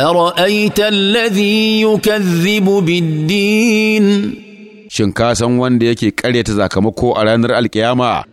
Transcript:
أرأيت الذي يكذب بالدين شنكاسا وان ديكي كاليتزا كمكو على نرأ القيامة